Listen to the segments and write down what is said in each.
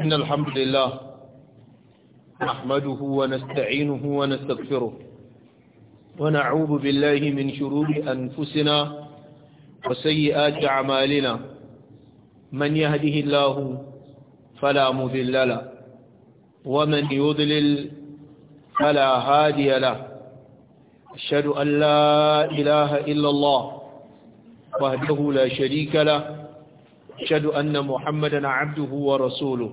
إن الحمد لله نحمده ونستعينه ونستغفره ونعوذ بالله من شرور أنفسنا وسيئات أعمالنا من يهده الله فلا مذل له ومن يضلل فلا هادي له أشهد أن لا إله إلا الله وهده لا شريك له أشهد أن محمدا عبده ورسوله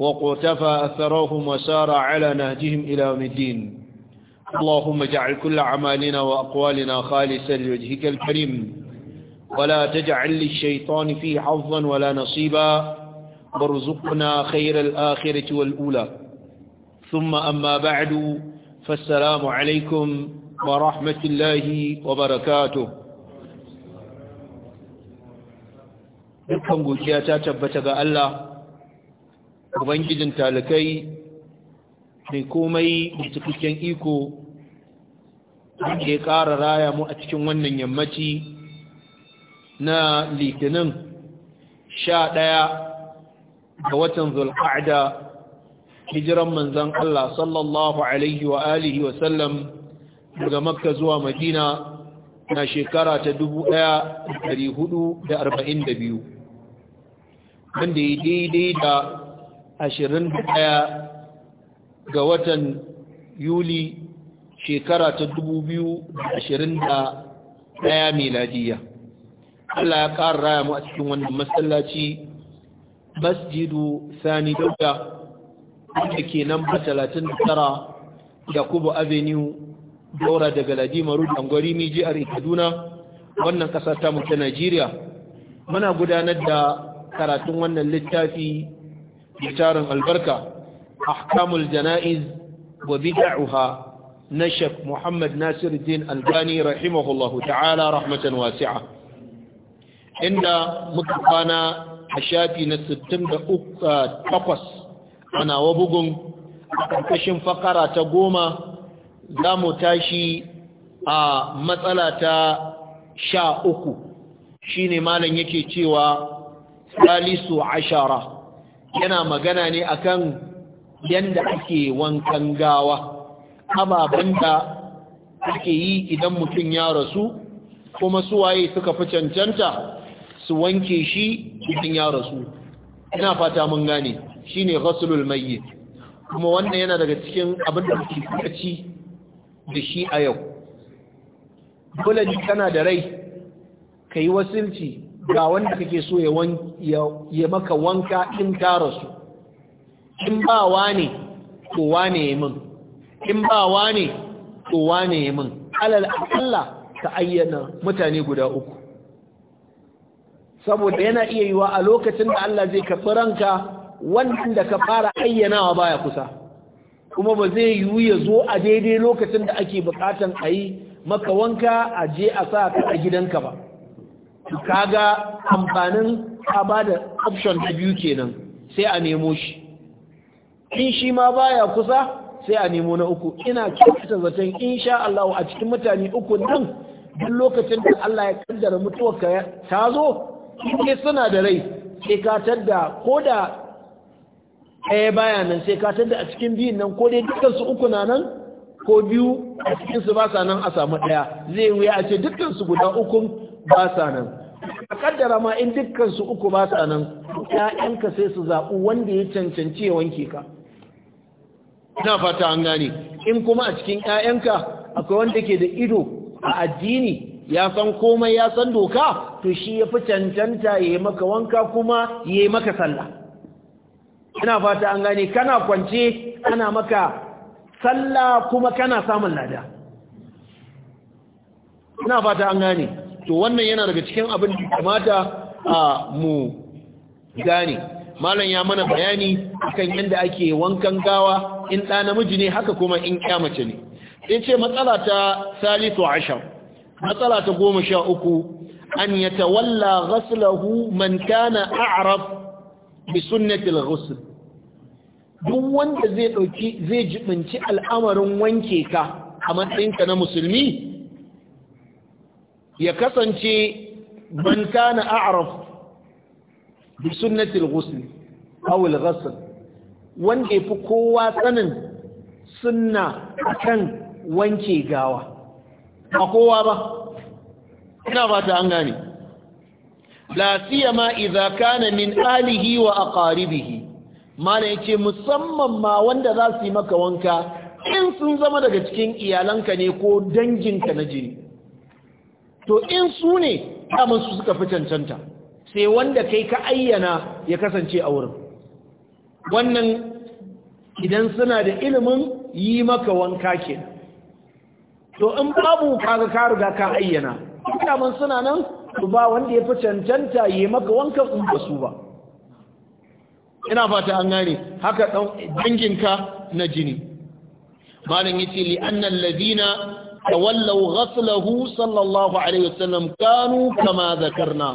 وقتفى أثرهم وسار على نهجهم إلى يوم الدين اللهم اجعل كل أعمالنا وأقوالنا خالصا لوجهك الكريم ولا تجعل للشيطان فيه حظا ولا نصيبا وارزقنا خير الآخرة والأولى ثم أما بعد فالسلام عليكم ورحمة الله وبركاته dukkan gujiya ta tabbata Allah ubangijin talakai, mai komai mai cikakken iko wanda ya ƙara raya mu a cikin wannan yammaci na litinin sha ɗaya ga watan zulƙa'ada hijiran manzan Allah sallallahu alaihi wa alihi wa daga makka zuwa madina na shekara ta dubu ɗaya da da arba'in da biyu, wanda ya daidai da ashirin ɗaya ga watan yuli shekara ta dubu biyu da ashirin da ɗaya meladiya allah ya ƙara raya mu a cikin wannan masallaci masjidu sani dauda wanda ke nan ba talatin da tara yakubu avenue daura daga ladimaru dangwari mijiyar kaduna wannan ƙasa tamu ta najeriya muna gudanar da karatun wannan littafi mai tarin albarka ahkamul jana'iz wa bid'uha na Sheikh Muhammad Nasiruddin Albani rahimahullahu ta'ala rahmatan wasi'a inda muka kwana a shafi na 68 a nawa bugun a ƙarƙashin fakara ta goma zamu tashi a matsala ta sha uku shine malam yake cewa salisu ashara yana magana ne akan yanda ake wankan gawa ababen da ake yi idan mutum ya rasu kuma waye suka fi cancanta su wanke shi idan ya rasu ina fata mun gane Shi shine rasulul mayyit kuma wannan yana daga cikin abin da muke kaci da shi a yau dole ne kana da rai Ka yi wasilci ga wanda kake so ya maka wanka in tara rasu in ba wane to wane min in ba wane to wane min alal akalla ka ayyana mutane guda uku saboda yana iya yiwa a lokacin da Allah zai karɓi ranka wanda ka fara ayyanawa baya kusa kuma ba zai yiwu ya zo a daidai lokacin da ake bukatan a yi maka wanka a je a sa ka a gidanka ba kaga amfanin a ba da option ta biyu kenan sai a nemo shi in shi ma baya kusa sai a nemo na uku ina kyautata zaton insha Allah a cikin mutane uku nan duk lokacin da Allah ya kaddara ka ta zo in suna da rai sai ka tadda ko da ɗaya baya nan sai ka tadda a cikin biyun nan ko dai dukkan su uku na nan ko biyu a cikin su ba sa nan a samu ɗaya zai wuya a ce dukkan su guda uku ba sa nan A kaddara ma in dukkan su uku ba sa nan 'ya'yanka sai su zaɓi wanda ya cancanci ya wanke ka ina fata an gane in kuma a cikin 'ya'yanka, akwai wanda ke da ido a addini ya san komai ya san doka to shi ya fi cancanta ya yi maka wanka kuma ya yi maka sallah ina fata an gane kana kwance ana maka sallah kuma kana samun lada ina fata an gane to wannan yana daga cikin abin da kamata a mu gane malam ya mana bayani akan yadda ake wankan gawa in ɗa namiji ne haka kuma in kyamace ne ya ce matsala ta salisu ashar matsala ta goma sha uku an ya tawalla ghaslahu man kana a'raf bi sunnatil ghusl duk wanda zai dauki zai jibinci al'amarin wanke ka a matsayinka na musulmi ya kasance man kana a'raf bi sunnati al-ghusl aw al-ghasl wanda fi kowa sanin sunna akan wanke gawa A kowa ba ina ba ta an gane la siyama idza kana min alihi wa aqaribihi mala ce musamman ma wanda za su yi maka wanka in sun zama daga cikin iyalanka ne ko danginka na jini to in su ne daman su suka fi cancanta sai wanda kai ka ayyana ya kasance a wurin wannan idan suna da ilimin yi maka wanka ke to in babu kaga ka riga ka ayyana daman suna nan to ba wanda ya fi cancanta yi maka wankan in ba su ba ina fata an gane haka danginka na jini malin yace li annal ladina تولوا غسله sallallahu alaihi عليه وسلم كانوا كما ذكرنا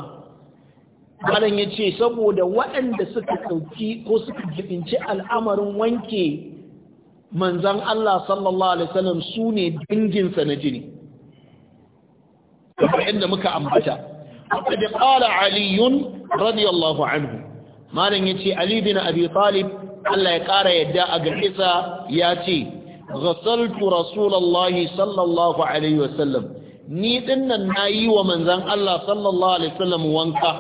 malam ya ce saboda waɗanda suka ɗauki ko suka jibinci al'amarin wanke manzan Allah sallallahu Alaihi wasallam su ne danginsa na jini kamar inda muka ambata da ƙala aliyun radiyallahu anhu malam ya ce ali bin abi talib Allah ya ƙara yadda a garisa ya ce Rasaltu rasulallah sallallahu alaihi wasallam ni dinnan nayi wa manzon Allah sallallahu alaihi wasallam wanka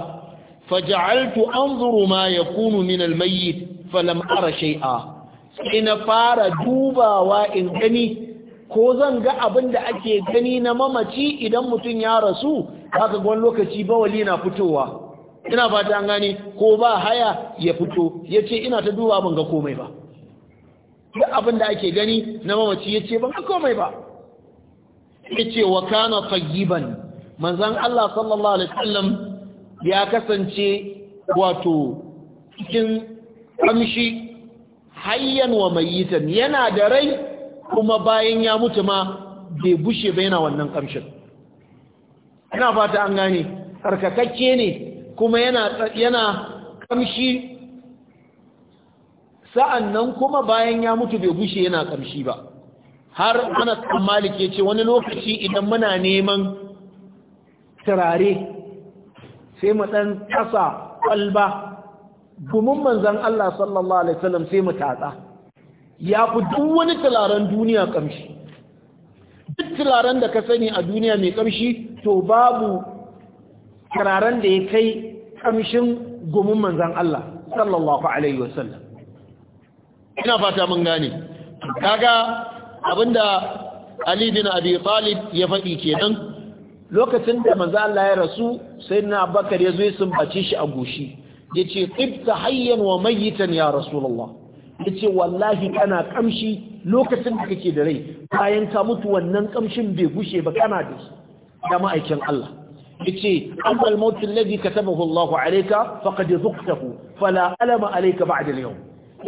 faj'altu anzuru ma yakunu min almayyit falam ara shay'a sai na fara dubawa in gani ko zan ga abin da ake gani na mamaci idan mutum ya rasu haka gwan lokaci bawali na fitowa ina fata an gane ko ba haya ya fito Yace ina ta duba ban ga komai ba duk abin da ake gani na mamaci ya ce ban ga komai ba ya ce wa kana fagiban manzon Allah sallallahu alaihi wasallam ya kasance wato cikin kamshi hayyan wa mai mayitan yana da rai kuma bayan ya mutu ma bai bushe ba yana wannan kamshin ina fata an gane tsarkakakke ne kuma yana kamshi sa'annan kuma bayan ya mutu bai bushe yana ƙamshi ba har Anas bin ya ce wani lokaci idan muna neman turare sai mu dan kasa kalba gumin manzan Allah sallallahu alaihi wasallam sai mu tatsa ya ku duk wani turaren duniya ƙamshi? duk turaren da ka sani a duniya mai ƙamshi, to babu turaren da ya kai ƙamshin gumin manzan Allah sallallahu alaihi wasallam ina fata mun gane kaga abinda Ali bin Abi Talib ya faɗi kenan lokacin da manzo Allah ya rasu sai na Abakar ya zo ya sumbace shi a goshi yace qibta hayyan wa mayyitan ya rasulullah yace wallahi kana kamshi lokacin da kake da rai bayan ka mutu wannan kamshin bai gushe ba kana da da ma'aikin Allah yace amma al-maut alladhi katabahu Allah alayka faqad dhuqtahu fala alama alayka ba'da al-yawm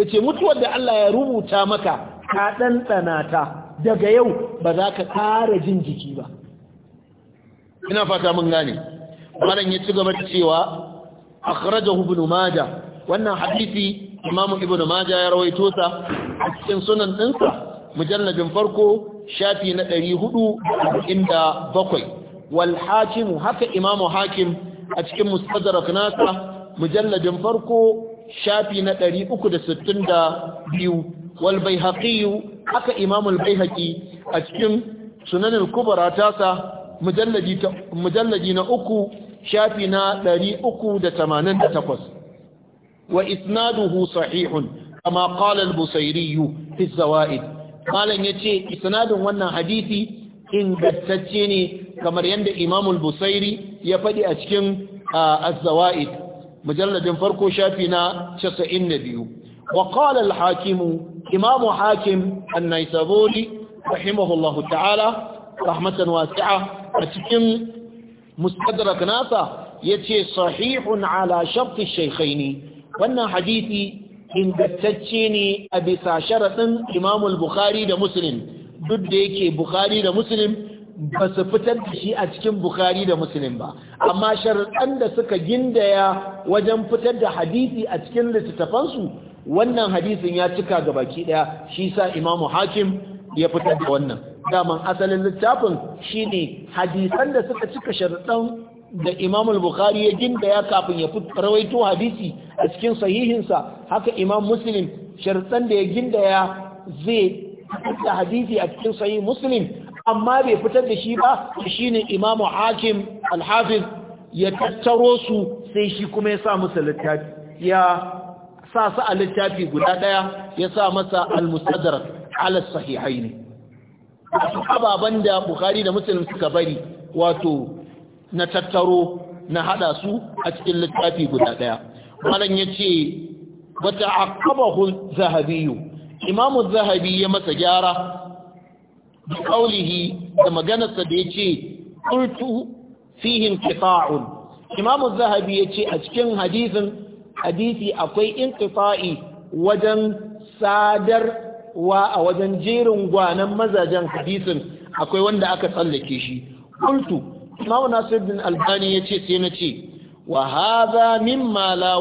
ce mutuwar da Allah ya rubuta maka ka ɗanɗana ta daga yau ba za ka ƙara jin jiki ba ina fata mun gane malam ya ci gaba da cewa akhrajahu ibn majah wannan hadisi imamu ibn maja ya rawaito sa a cikin sunan ɗinsa mujalladin farko shafi na ɗari hudu bakwai, wal Hakimu, haka imamu hakim a cikin mustadrak nasa mujalladin farko shafi na 362 wal baihaqi haka imam al baihaqi a cikin sunan al kubra tasa mujalladi mujalladi na uku shafi na 388 wa isnaduhu sahihun kama qala al busairi fi zawaid malan yace isnadin wannan hadisi ingantacce ne kamar yadda imamul busairi ya faɗi a cikin az-zawaid mujalladin farko shafi na 92 wa qala al-hakim imam hakim an-naisaburi rahimahullahu ta'ala rahmatan wasi'a a cikin mustadrak nasa yace sahihun ala shart ash-shaykhaini wannan hadisi ingantacce ne a bisa imam imamul bukhari da muslim duk da yake bukhari da muslim ba su fitar da shi a cikin bukhari da muslim ba amma sharaɗan da suka gindaya wajen fitar da hadisi a cikin littattafansu wannan hadisin ya cika ga baki ɗaya shi sa imamu hakim ya fitar da wannan daman asalin littafin shine hadisan da suka cika sharaɗan da imam bukhari ya gindaya kafin ya rawaito hadisi a cikin sahihinsa haka imam muslim sharaɗan da ya gindaya zai da hadisi a cikin sahihin muslim amma bai fitar da shi ba shine imamu hakim alhafiz ya tattaro su sai shi kuma ya sa musu littafi ya sa su a littafi guda daya ya sa masa al-mustadrak ala wasu ababan da bukhari da muslim suka bari wato na tattaro na hada su a cikin littafi guda daya malan yace wata aqabahu zahabi imamu zahabi ya masa gyara bi qawlihi da maganarsa da yace qultu fihim qita'un imam az-zahabi yace a cikin hadisin hadisi akwai inqita'i wajen sadarwa a wajen jerin gwanan mazajen hadisin akwai wanda aka tsallake shi qultu imam nasir bin albani yace sai na ce wa hadha mimma la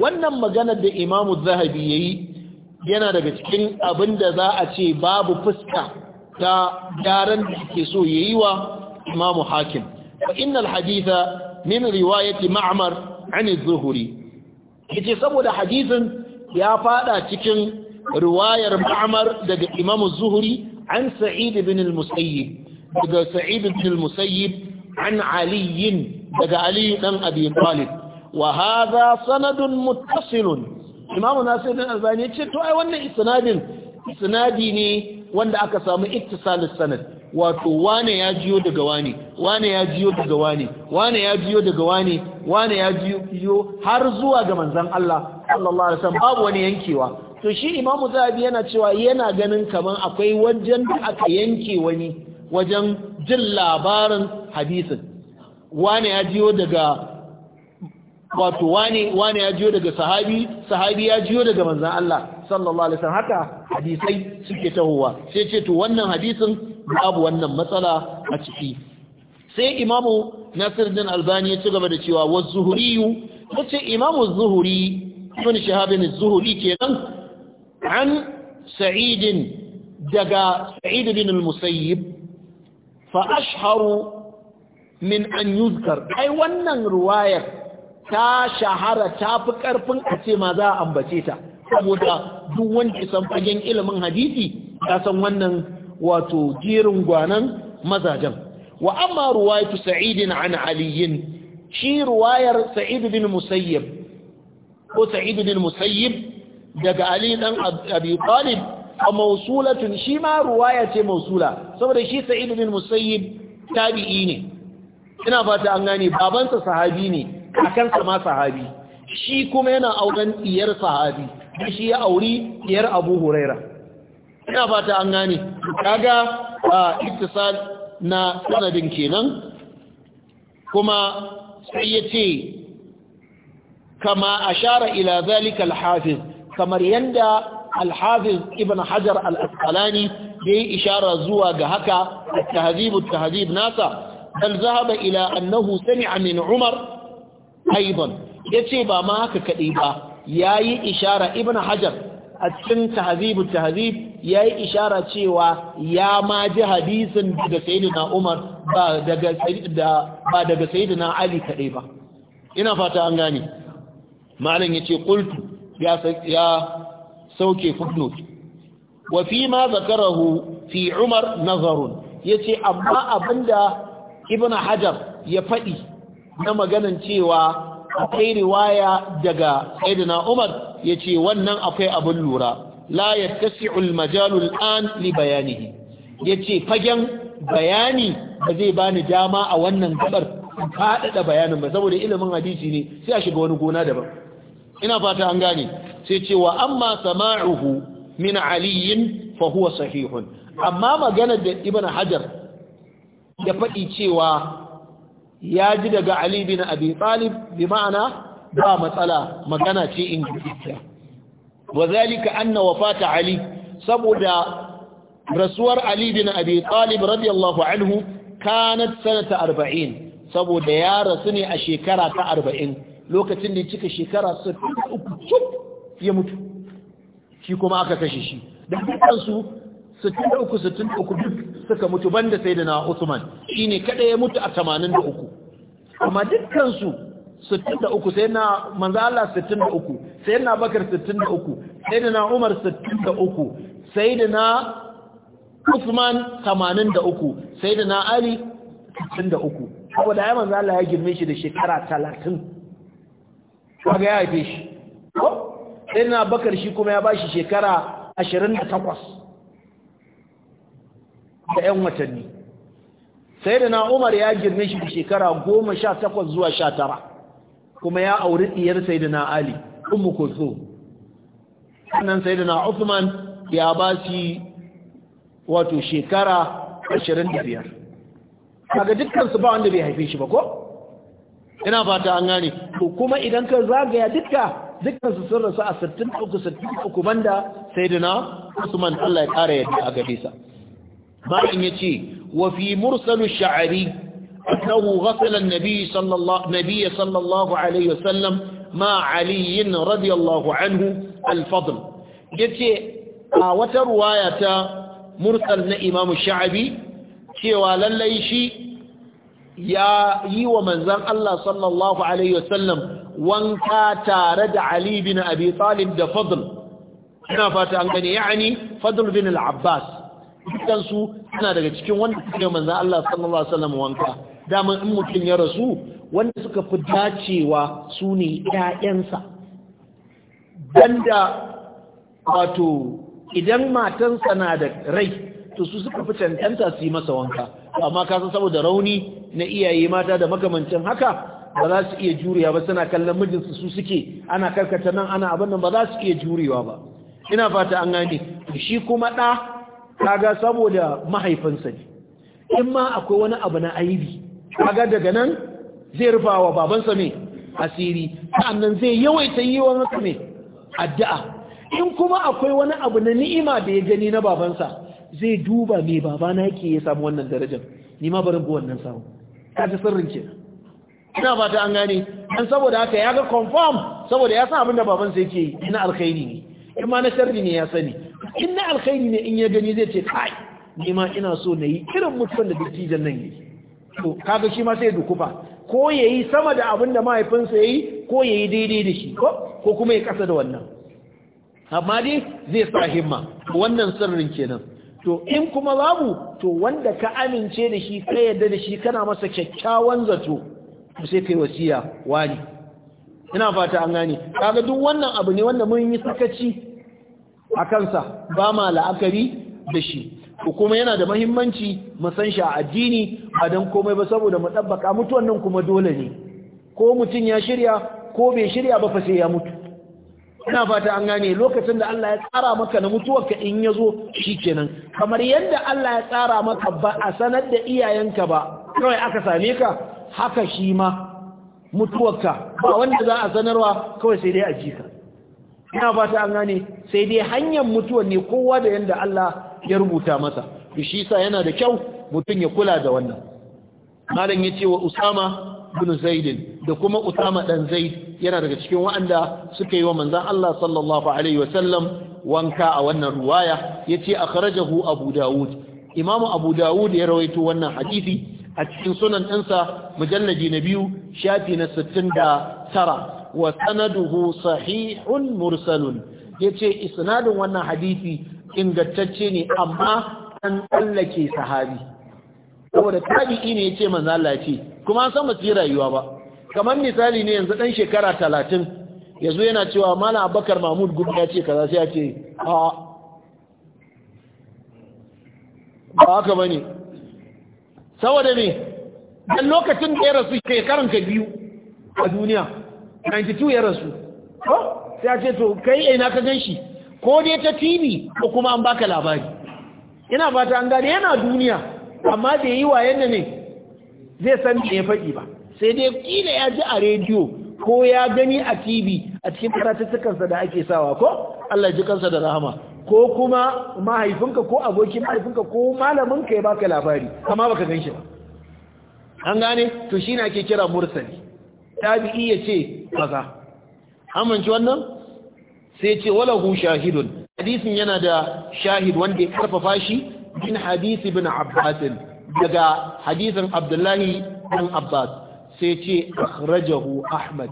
wannan maganar da imam az-zahabi yayi yana daga cikin abin da za a ce babu fuska ta gyaran da ke so ya yi wa imamu hakim wa innal haditha min riwayati ma'mar an az-zuhri yace saboda hadisin ya fada cikin riwayar ma'mar daga imamu zuhri an sa'id bin al-musayyib daga sa'id bin al-musayyib an ali daga aliyu dan abin talib wa haza sanadun muttasilun imamu nasiruddin albani ya ce to ai wannan isnadin isnadi ne wanda aka samu ittisalus sanad wato wane ya jiyo daga wane wane ya jiyo daga wane wane ya jiyo daga wane wane ya jiyo har zuwa ga manzon Allah sallallahu alaihi wasallam babu wani yankewa to shi imamu zabi yana cewa yana ganin kaman akwai wajen da aka yanke wani wajen jin labarin hadisin wane ya jiyo daga wato wane wane ya jiyo daga sahabi sahabi ya jiyo daga manzon Allah sallallahu alaihi haka hadisai suke tahowa sai ce to wannan hadisin babu wannan matsala a ciki sai imamu Nasiruddin Albani ya ci gaba da cewa wa zuhuriyu wace imamu zuhuri ibn shahab ibn zuhuri kenan an sa'id daga sa'id ibn al-musayyib fa ashharu min an yuzkar ai wannan riwayar ta shahara ta fi ƙarfin a ce ma za a ambace ta saboda duk wanda san fagen ilimin hadisi ya san wannan wato jerin gwanan mazajen wa amma ruwayatu sa'idin an aliyin shi ruwayar sa'id bin musayyib ko sa'id bin musayyib daga ali dan abi talib a mausulatun shi ma ruwaya ce mausula saboda shi sa'id bin musayyib tabi'i ne ina fata an gane babansa sahabi ne kakansa ma sahabi shi kuma yana auren diyar sahabi shi ya auri diyar Abu Huraira ina fata an gane kaga ittisal na sanadin kenan kuma sai yace kama ashara ila zalika al-hafiz kamar yanda al-hafiz ibn hajar al-asqalani yayi ishara zuwa ga haka at tahzib nasa bal zahaba ila annahu sami'a min umar aiban yace ba ma haka kadai ba yayi ishara ibn hajar a cikin tahzibu tahzib yayi ishara cewa ya ma ji hadisin daga sayyidina umar ba daga sayyidina ba daga sayyidina ali kadai ba ina fata an gane malam yace qultu ya ya sauke footnote wa fi ma zakarahu fi umar nazarun yace amma abinda ibn hajar ya faɗi na maganan cewa akwai riwaya daga sayyidina Umar yace wannan akwai abin lura la ya al-majalu an li bayanihi yace fagen bayani ba zai bani dama a wannan gabar faɗaɗa bayanin ba saboda ilimin hadisi ne sai a shiga wani gona daban ina fata an gane sai ce wa amma sama'uhu min aliyin fa huwa sahihun amma maganar da ibn hajar ya faɗi cewa ya ji daga Ali bin Abi Talib bi ma'ana ba matsala magana ce in gaskiya wa anna wafata Ali saboda rasuwar Ali bin Abi Talib radiyallahu anhu kanat sanata 40 saboda ya rasu ne a shekara ta 40 lokacin da cika shekara 63 ya mutu shi kuma aka kashe shi da kansu 63 63 duk suka mutu banda na Usman shine kada ya mutu a 83 amma dukkan su 63 sai na manzo Allah 63 sai na Bakar 63 sai na Umar 63 sai na Usman 83 sai na Ali 63 saboda ai manzo Allah ya girme shi da shekara 30 kaga ya yi shi sai na Bakar shi kuma ya bashi shekara 28 da 'yan watanni sai da na umar ya girme shi da shekara goma sha takwas zuwa sha tara kuma ya auri ɗiyar sai da na ali mu kulso sannan sai da na Uthman ya ba shi wato shekara ashirin da biyar dukkan dukkansu ba wanda bai haife shi ba ko ina fata an gane Ko kuma idan ka zagaya dukka dukkansu sun rasu a 63 uku banda na Usman Allah ya ƙara yadda a gare malam ce wa fi mursalu ash-sha'ri annahu ghasala an sallallahu nabiy sallallahu alaihi wasallam ma ali radiyallahu anhu al-fadl yace a wata ruwaya ta mursal na imamu sha'abi cewa lallai shi ya yi wa manzan Allah sallallahu Alaihi wasallam wanka tare da Ali bin Abi Talib da Fadl ina fata an gani ya'ani Fadl bin al-Abbas dukansu suna daga cikin wanda suke manzan Allah sallallahu alaihi wasallam wanka dama in mutum ya rasu wanda suka fi dacewa su ne ƴaƴansa banda wato idan matansa na da rai to su suka fi cancanta su yi masa wanka amma ka saboda rauni na iyaye mata da makamancin haka ba za su iya jurewa ba suna kallon mijinsu su suke ana karkata nan ana abin nan ba za su iya jurewa ba ina fata an gane shi kuma ɗa kaga saboda mahaifinsa ne in ma akwai wani abu na aibi kaga daga nan zai rufa wa babansa mai asiri sannan zai yawaita yi wa haka mai addu'a in kuma akwai wani abu na ni'ima da ya gani na babansa zai duba mai babana yake ya samu wannan darajar ni ma barin bu wannan samu ka ji sirrin ke ina ba an gane dan saboda haka ya ga confirm saboda ya san abin da babansa yake yi ina alkhairi ne in ma na sharri ne ya sani alkhairi ne in ya gani zai ce kai ni ma ina so na yi irin mutuwan da dattijan nan yi to kaga shi ma sai dukufa ko ya yi sama da abin da mahaifinsa ya yi ko ya yi daidai da shi ko kuma ya kasa da wannan amma dai zai sa himma wannan sirrin kenan to in kuma babu to wanda ka amince da shi ka yarda da shi kana masa kyakkyawan zato to sai kai wasiya wani ina fata an gane kaga duk wannan abu ne wanda mun yi sakaci a kansa ba ma la'akari da shi kuma yana da mahimmanci mu san shi a addini ba don komai ba saboda mu ɗabbaka mutuwan nan kuma dole ne ko mutum ya shirya ko bai shirya ba fa sai ya mutu ina fata an gane lokacin da Allah ya tsara maka na mutuwar ka in yazo zo shi kenan kamar yadda Allah ya tsara maka ba a sanar da iyayenka ba kawai aka same ka haka shi ma mutuwarka ba wanda za a sanarwa kawai sai dai a jika ina ba ta an gane sai dai hanyar mutuwar ne kowa da yanda Allah ya rubuta masa shi sa yana da kyau mutum ya kula da wannan malam ya wa usama bin zaidin da kuma usama dan zaid yana daga cikin wa'anda suka yi wa manzon Allah sallallahu alaihi wasallam wanka a wannan ruwaya yace akhrajahu abu Dawud. imamu abu Dawud ya rawaito wannan hadisi a cikin sunan ɗansa mujallaji na biyu shafi na 69 wa sanaduhu sahihun mursalun yace isnadin wannan hadisi ingantacce ne amma an tsallake sahabi saboda tabi'i ne yace manzo Allah ce kuma an san ba su rayuwa ba kamar misali ne yanzu dan shekara 30 yazo yana cewa malam Abubakar Mahmud gudu ya ce kaza sai ya ce a ba haka bane saboda ne dan lokacin da ya rasu shekaran ka biyu a duniya 92 ya rasu ko sai a ce to kai ina ka gan shi ko dai ta tv ko kuma an baka labari ina fata an gane yana duniya amma da yi wa yanda ne zai san me ya faɗi ba sai dai kila ya ji a rediyo ko ya gani a tv a cikin karatuttukansa da ake sawa ko Allah ji kansa da rahama ko kuma mahaifinka ko abokin mahaifinka ko malaminka ya baka labari amma baka gan shi ba an gane to shi ne ake kira mursali tabi'i ya ce kaza amince wannan sai ce hu shahidun hadisin yana da shahid wanda ya karfafa shi bin hadisi bin abbas daga hadisin abdullahi bin abbas sai ce akhrajahu ahmad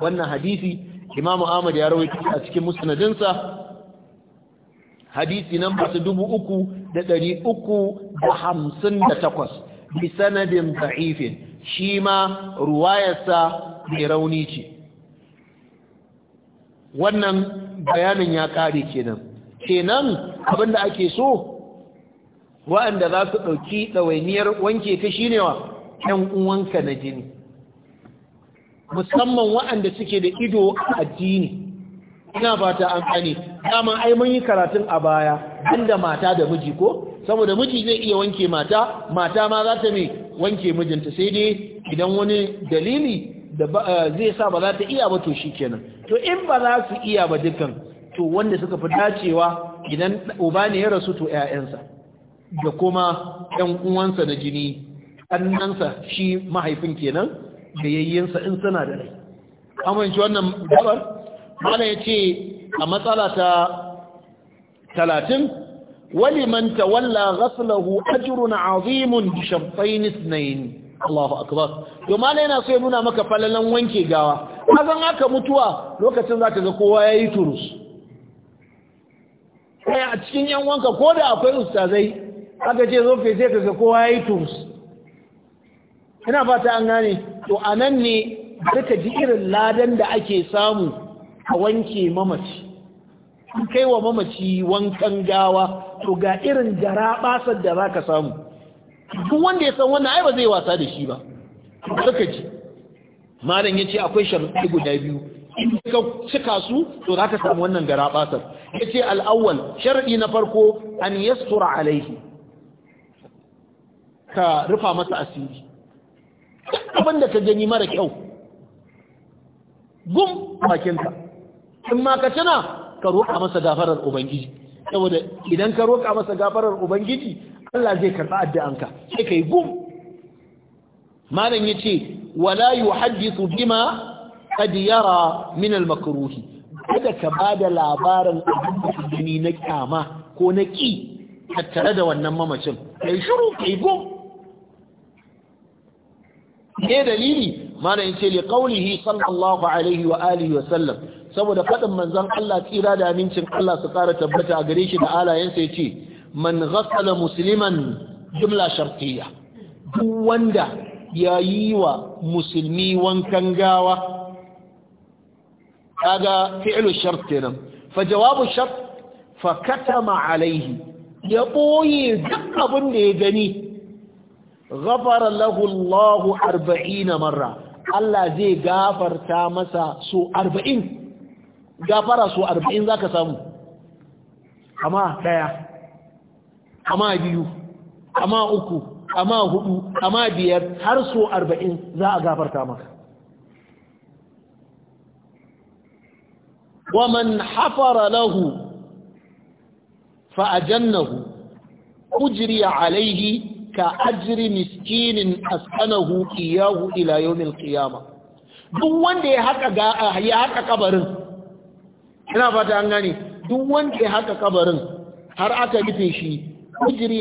wannan hadisi imamu ahmad ya rawaito a cikin musnadinsa hadisi namba 3358 uku da uku da hamsin da takwas bi sanadin da'ifin shi ma ruwayarsa mai rauni ce wannan bayanin ya ƙare kenan kenan abinda ake so wa'anda za su ɗauki ɗawainiyar wanke ta shi ne wa ‘yan uwanka na jini musamman wa'anda suke da ido a addini ina fata an gane dama ai mun yi karatun a baya banda mata da miji ko saboda miji zai iya wanke mata mata ma za ta mai wanke mijinta sai dai idan wani dalili da eh, zai sa ba za ta iya ba to shi kenan, to in ba za su iya ba dukan to wanda suka fi dacewa idan uba ne ya rasu to ƴaƴansa da kuma ƴan uwansa na jini annansa shi mahaifin kenan da yayyansa in suna da rai amince wannan dabar mana yace a matsala ta talatin ولمن تولى غسله أجر عظيم بشرطين اثنين Allahu akbar to malai yana so ya nuna maka falalan wanke gawa kazan haka mutuwa lokacin zaka ga kowa yayi turus kai a cikin yan wanka ko da akwai ustazai aka ce zo fe sai kaga kowa yayi turus ina fata an gane to anan ne duka ji irin ladan da ake samu a wanke mamaci in kai wa mamaci wankan gawa to ga irin basar da za ka samu duk wanda ya san wannan ai ba zai wasa da shi ba suka ji malam ya ce akwai shari'a guda biyu in ka cika su to ka samu wannan basar yace ce awwal sharɗi na farko an yastura alaihi ka rufa masa asiri abin da ka gani mara kyau gum bakinka in ma ka tana ka roƙa masa gafarar ubangiji saboda idan ka roƙa masa gafarar ubangiji Allah zai karɓi addu'anka sai yi gum malam yace wala yuhaddithu bima qad yara min al makruh kada ka bada labarin abin na kyama ko na ki tattare da wannan mamacin kai shiru kai gum me dalili mana ce li qawlihi sallallahu alaihi wa alihi wa sallam saboda fadin manzon Allah tsira da amincin Allah su ƙara tabbata a gare shi da alayensa ce man ghassala musulman jumla shartiyya duk wanda yayi wa musulmi wankan gawa kaga fi'lu shart kenan fa jawabu shart fa katama alaihi ya ɓoye duk abin da ya gani غفر له الله أربعين مرة Allah zai gafarta masa su arba'in gafara su arba'in za ka samu amma ɗaya amma biyu amma uku amma hudu amma biyar har su arba'in za a gafarta maka waman hafara lahu فأجنه أجري alaihi ka ajiri miskinin asqanahu ya ila layomin qiyamah duk wanda ya haka kabarin ina fata an gani duk wanda ya haka kabarin har aka rufe shi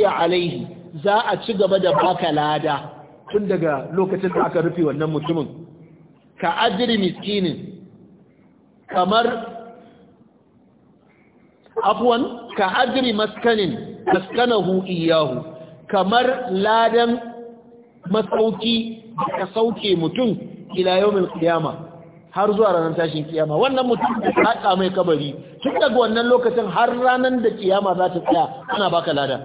ya alaihi za a ci gaba da baka lada tun daga lokacin da aka rufe wannan mutumin ka ajiri miskinin kamar afwan ka ajiri maskanin maskanahu iyahu kamar ladan masauki da sauke mutum ila yawmin kiyama har zuwa ranar tashin kiyama wannan mutum da haka mai kabari tun daga wannan lokacin har ranar da kiyama za ta tsaya ana baka lada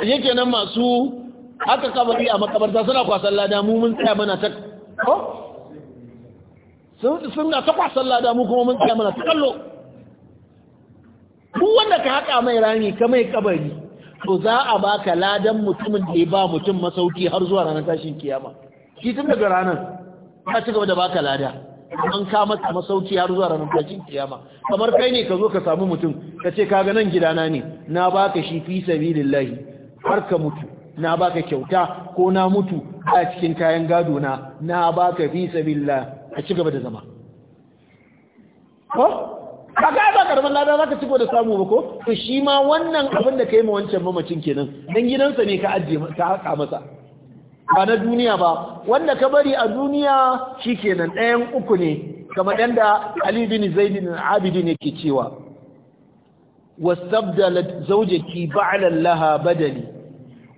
Yake kenan masu haka kabari a makabarta suna kwasan lada mu mun tsaya mana ta ko sun ga ta kwasan lada mu kuma mun tsaya mana ta kallo ka haƙa mai rami ka mai kabari to za a baka ladan mutumin da ya ba mutum masauki har zuwa ranar tashin kiyama shi tun daga ranar ka ci gaba da baka lada an ka masa masauki har zuwa ranar tashin kiyama kamar kai ne ka zo ka samu mutum ka ce ga nan gidana ne na baka shi fi sabilillahi har ka mutu na baka kyauta ko na mutu a cikin kayan gado na na baka fi sabilillah a ci gaba da zama ko kaga ba karamin lada ka ci da samu ba ko to shi ma wannan abin da kai ma wancan mamacin kenan dan gidansa ne ka ajiye ka haka masa ba na duniya ba wanda ka bari a duniya shikenan ɗayan uku ne kamar yanda Ali bin Zaid bin Abidin yake cewa wastabdalat zawjaki ba'lan laha badali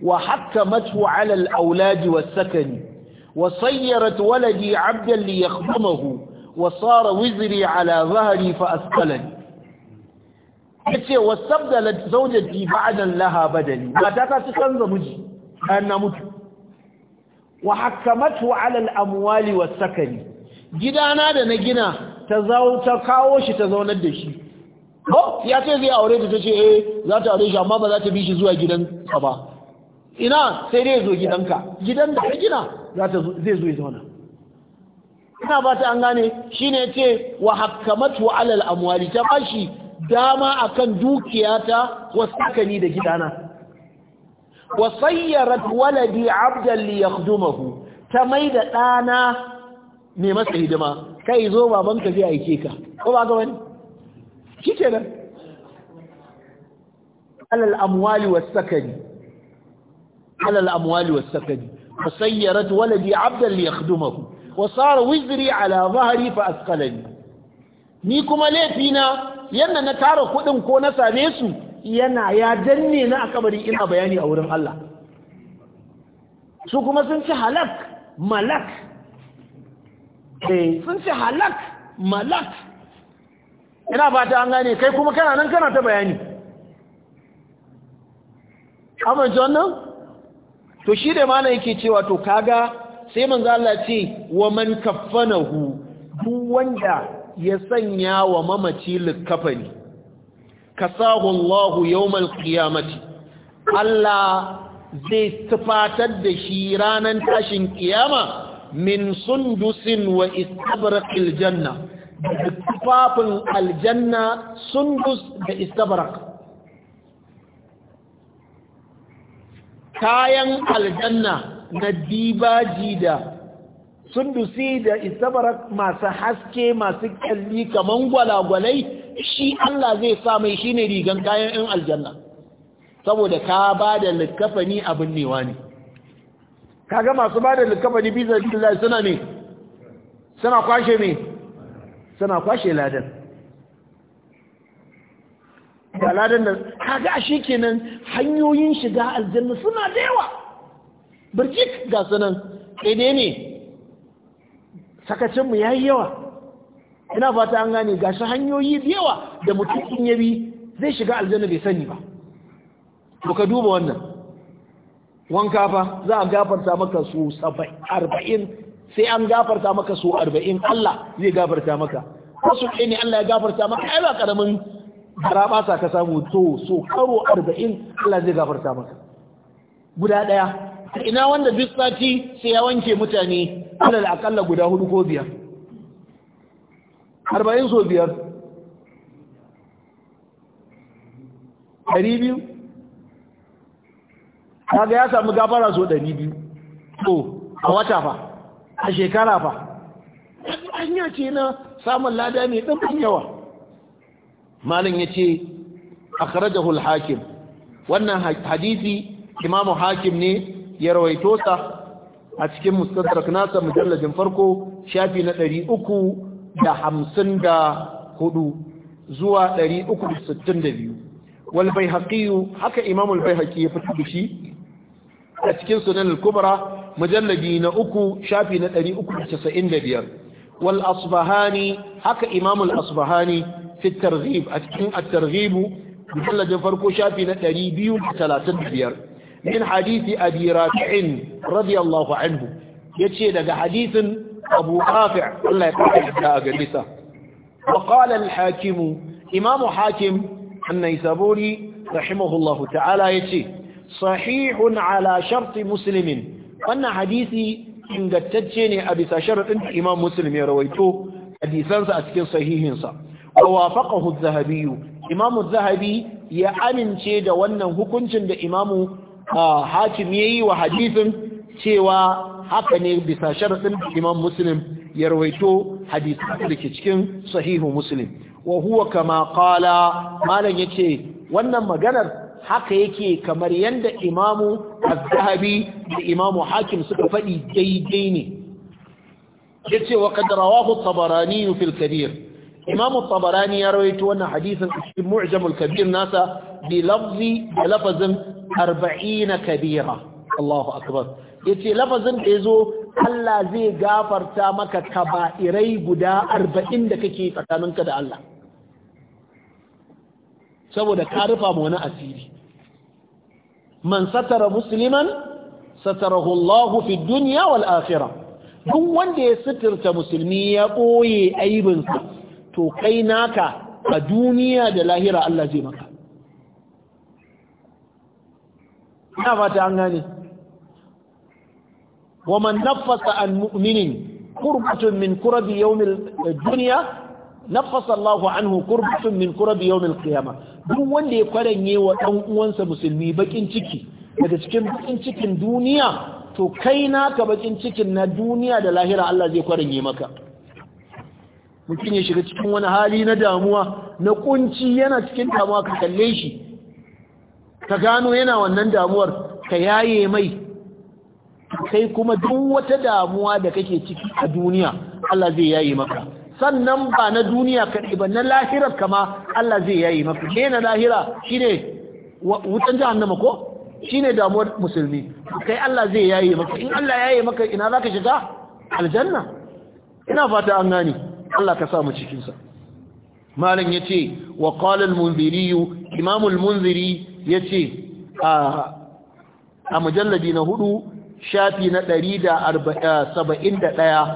wa hakkamathu 'ala al-awlad was-sakani wa sayyarat waladi 'abdan li وصار وزري على ظهري فأسقلني yace wasabdalat zawjati ba'dan laha badali mata ta ci canza miji bayan na mutu wa hakamatu ala al-amwali was-sakani gidana da na gina ta zawo ta kawo shi ta zaunar da shi ko ya ce zai aure ta tace eh za ta aure shi amma ba za ta bi shi zuwa gidanka ba ina sai dai zo gidanka gidan da ka gina za ta zai zo ya zauna ina ba ta an gane shine ce wa hakkamatu alal amwali ta bashi dama akan dukiyata wasakani da gidana wa sayyarat waladi abdan li yakhdumahu ta maida dana ne masa hidima kai zo baban ka zai aike ka ko ba ga wani kike nan alal amwali wasakani alal amwali wasakani wa sayyarat waladi abdan li yakhdumahu wa sara wizri ala zahari fa asqalani ni kuma laifina yanda na tara kuɗin ko na same su yana ya danne na a kabari ina bayani a wurin Allah su kuma sun ci halak malak eh, sun ci halak malak ina ba ta an gane kai kuma kana nan kana ta bayani amince wannan to shi da mana yake cewa to kaga sai manzo Allah ce wa man kaffanahu duk wanda ya sanya wa mamaci likafani kasahu Allah yawmal qiyamati Allah zai tufatar da shi ranan tashin kiyama min sundusin wa istabraqil janna tufafin aljanna sundus da istabraq kayan aljanna na dibaji da sundusi da istabarak masu haske masu kyalli kaman gwalagwalai shi Allah zai sa mai shi ne rigan kayan ɗin aljanna saboda ka ba da likafani abin newa ne kaga masu ba da likafani bisa billahi suna ne suna kwashe ne suna kwashe ladan da ladan da kaga shi kenan hanyoyin shiga aljanna suna da yawa birjik ga sunan ɗaiɗe ne sakacinmu ya yi yawa ina fata an gane ga shi hanyoyi da yawa da mutum ya yabi zai shiga aljanna bai sani ba to ka duba wannan wanka fa za a gafarta maka su arba'in sai an gafarta maka su arba'in Allah zai gafarta maka wasu ɗaya ne Allah ya gafarta maka ai ba ƙaramin garaba sa ka samu to so karo arba'in Allah zai gafarta maka guda ɗaya A ina wanda duk sati sai ya wanke mutane da akalla guda hudu ko biyar arba'in so biyar ɗari biyu kaga ya samu gafara so ɗari biyu Ko a wata fa a shekara fa hanya ce na samun lada mai ɗan yawa malin ya ce akhrajahu al-hakim wannan hadisi imamu hakim ne ya rawaito sa a cikin mustadrak nasa mujalladin farko shafi na 354 zuwa 362 wal baihaqi haka imam al baihaqi ya fito da shi a cikin sunan al kubra mujalladi na uku shafi na 395 wal asbahani haka imam al asbahani fi targhib a cikin at targhib mujalladin farko shafi na 235 min hadisi abi rafi'in radiyallahu anhu yace daga hadisin abu rafi' Allah ya fara da garisa wa qala al-hakim imam hakim an-naisaburi rahimahullahu ta'ala yace sahihun ala shart muslimin wannan hadisi ingantacce ne a bisa sharadin imam muslim ya rawaito hadisansa a cikin sahihinsa wa wafaqahu az-zahabi imam az-zahabi ya amince da wannan hukuncin da imamu hakim yayi wa hadisin cewa haka ne bisa sharadin imam muslim ya rawaito hadisin da ke cikin sahihu muslim wa huwa kama qala malan yace wannan maganar haka yake kamar yadda imamu az da imamu hakim suka faɗi daidai ne yace wa qad rawahu tabarani fi al imamu tabarani ya rawaito wannan hadisin cikin mujamul kabir nasa bi lafzi da lafazin arba'ina kabira Allahu akbar yace lafazin da yazo Allah zai gafarta maka kaba'irai guda arba'in da kake tsakaninka da Allah saboda ka rufa mu wani asiri man satara musliman satarahu Allahu fi dunya wal akhirah duk wanda ya suturta musulmi ya boye aibinsa to kai naka a duniya da lahira Allah zai maka ina fata an gane wa man nafasa an mu'minin qurbatun min qurabi yawmil eh, dunya nafasa Allahu anhu qurbatun min qurabi yawmil qiyama duk wanda ya kwaranye wa dan uwansa musulmi bakin ciki daga cikin bakin cikin duniya to kai naka bakin cikin na duniya da lahira Allah zai kwaranye maka mutum ya shiga cikin wani hali na damuwa na kunci yana cikin damuwa ka kalle shi ka gano yana wannan damuwar ka yaye mai kai kuma duk wata damuwa da kake ciki a duniya Allah zai yaye maka sannan ba na duniya kaɗai ba na lahirar kama Allah zai yaye maka ne na lahira shine wutan jahannama ko shine damuwar musulmi kai Allah zai yaye maka in Allah yaye maka ina zaka shiga aljanna ina fata an gani Allah ka sa mu malam yace wa qala al-munziri imam al-munziri yace a a mujalladi na hudu shafi na 171 eh,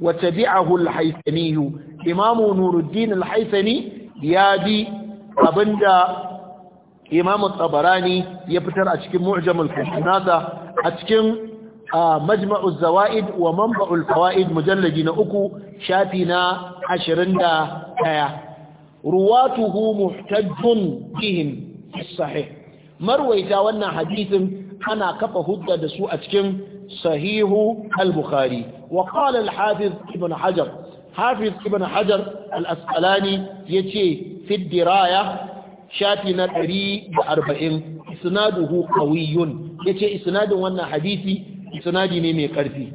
wa tabi'ahu al-haythami imam nuruddin al-haythami ya bi abinda imam tabarani ya fitar a cikin mu'jam al-fusnada a cikin a majma'u zawaid wa manba'ul fawaid mujalladi na uku shafi na 21 ruwatuhu muhtajjun bihim sahih marwaita wannan hadisin ana kafa hudda da su a cikin sahihu al-bukhari wa qala al-hafiz ibn hajar hafiz ibn hajar al askalani yace fi diraya shafi na 140 isnaduhu qawiyyun yace isnadin wannan hadisi sunadi ne mai ƙarfi.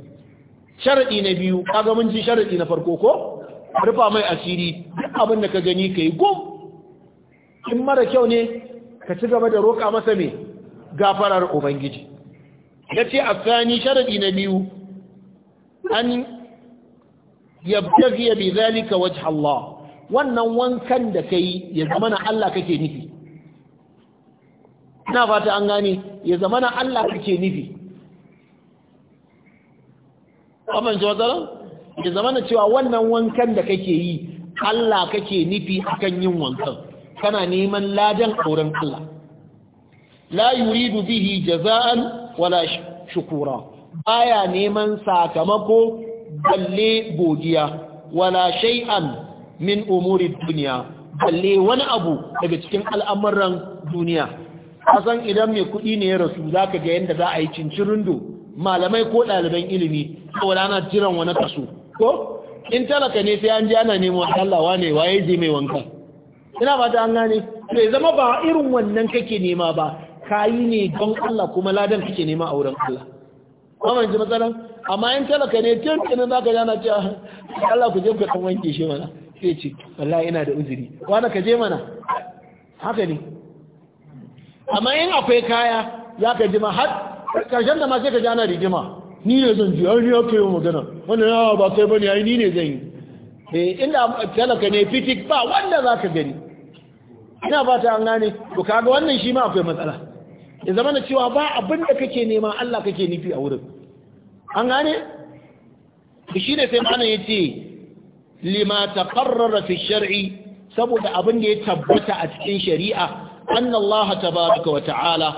Sharaɗi na biyu ka mun ci sharaɗi na farko ko rufa mai asiri duk abin da ka gani ka yi gum in mara kyau ne ka ci gaba da roƙa masa mai gafarar ubangiji Ya ce yace afani sharaɗi na biyu an ya bi zalika wajh Allah wannan wankan da ka yi ya zama na Allah kake nufi ina fata an gane ya zama na Allah kake nufi Amin ji matsalar? Ke zama cewa wannan wankan da kake yi, Allah kake nufi akan yin wankan, kana neman ladan auren Allah. La yuridu bihi jaza'an wala shukura, baya neman sakamako balle godiya, wala shay'an min umuri duniya, balle wani abu daga cikin al'amuran duniya. Kasan idan mai kuɗi ne ya rasu za ka ga yadda za a yi cincin cincirindo malamai ko ɗaliban ilimi ko ana jiran wani kaso ko in talaka ne sai an ji ana nemo hallawa ne waye je mai wanka ina ba ta an gane bai zama ba irin wannan kake nema ba kayi ne don Allah kuma ladan kake nema a wurin Allah kuma ji matsalan amma in talaka ne tun tunan zaka ji ana cewa Allah ku je ku kan wanke shi mana sai ce wallahi ina da uzuri wani ka je mana haka ne amma in akwai kaya zaka ji ma har karshen da ma sai ka ji ana rigima ni ne zan ji ni aka yi magana wannan yawa ah, ba kai ba ne, ai ni ne zan yi eh ina talaka ne fitik ba wanda za ka gani ina ba ta an gane to kaga wannan shi ma akwai matsala ya zama na cewa ba abin da kake nema Allah kake nufi a wurin an gane shi ne sai mana ya ce lima taqarrara fi shar'i saboda abin da ya tabbata a cikin shari'a anna Allah tabaraka wa ta'ala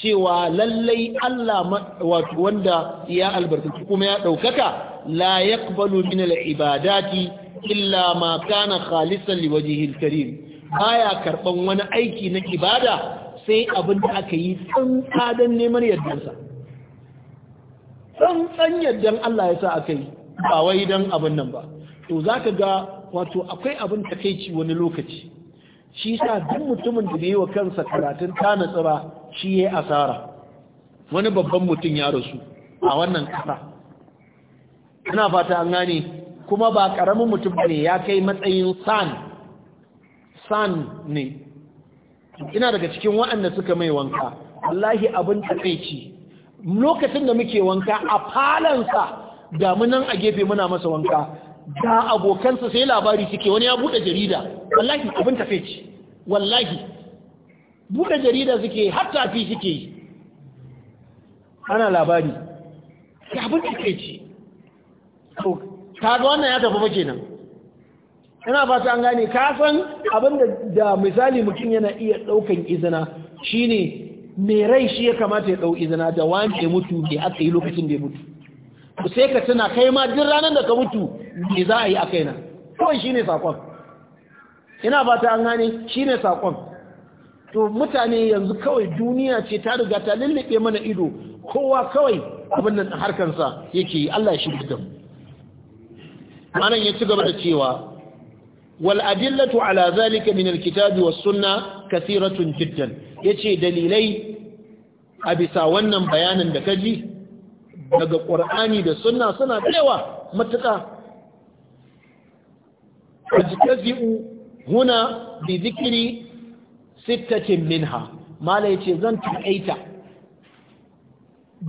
cewa lallai Allah wato wanda ya albarkaci kuma ya ɗaukaka la yaqbalu min al-ibadati illa ma kana khalisan liwajhihi al-karim baya karban wani aiki na ibada sai abin da aka yi tsantsa dan neman yardansa tsantsan yardan Allah ya sa aka yi ba wai dan abin nan ba to zaka ga wato akwai abin takaici wani lokaci shi sa duk mutumin da bai yi wa kansa karatun tana tsira shi ya asara wani babban mutum ya rasu a wannan kasa ina fata an gane kuma ba karamin mutum ne ya kai matsayin san san ne ina daga cikin waɗanda suka mai wanka wallahi abin takeici lokacin da muke wanka a falansa munan a gefe muna masa wanka da abokansa sai labari suke wani ya buɗe jarida wallahi abin takeici wallahi buɗe jarida suke hatta fi suke yi ana labari ya abin da ke ci to kaga wannan ya tafi fa kenan ina fata an gane ka san abin da misali mutum yana iya ɗaukan izina shine mai rai shi ya kamata ya ɗau izina da wani mutu bai aka yi lokacin da ya mutu ku sai ka tuna kai ma duk ranar da ka mutu me za a yi a kaina kawai shine sakon ina ta an gane shine sakon to mutane yanzu kawai duniya ce ta riga ta lullube mana ido kowa kawai abin nan harkansa yake yi Allah ya shi da manan ya ci gaba da cewa wal adillatu ala zalika min alkitabi was sunna kaseeratun jiddan yace dalilai a bisa wannan bayanin da kaji daga qur'ani da sunna suna cewa matuka ajkazi huna bi dhikri sittatin minha mala yace zan taƙaita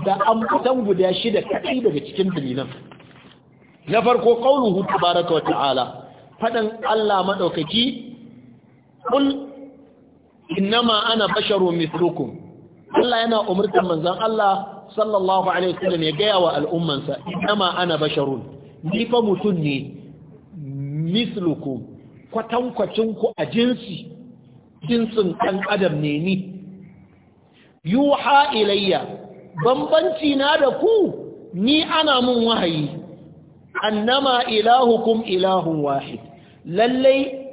da an ambatan guda shida kaɗai daga cikin dalilan na farko qauluhu tabaraka wa ta'ala fadan Allah madaukaki kul innama ana basharun mithlukum Allah yana umurtan manzan, Allah sallallahu alaihi wasallam ya gaya wa al'ummansa innama ana basharun ni fa mutum ne mithlukum kwatankwacin ku a jinsi jinsin ɗan adam ne ni yuha ilayya bambanci na da ku ni ana mun wahayi annama ilahukum ilahun wahid lallai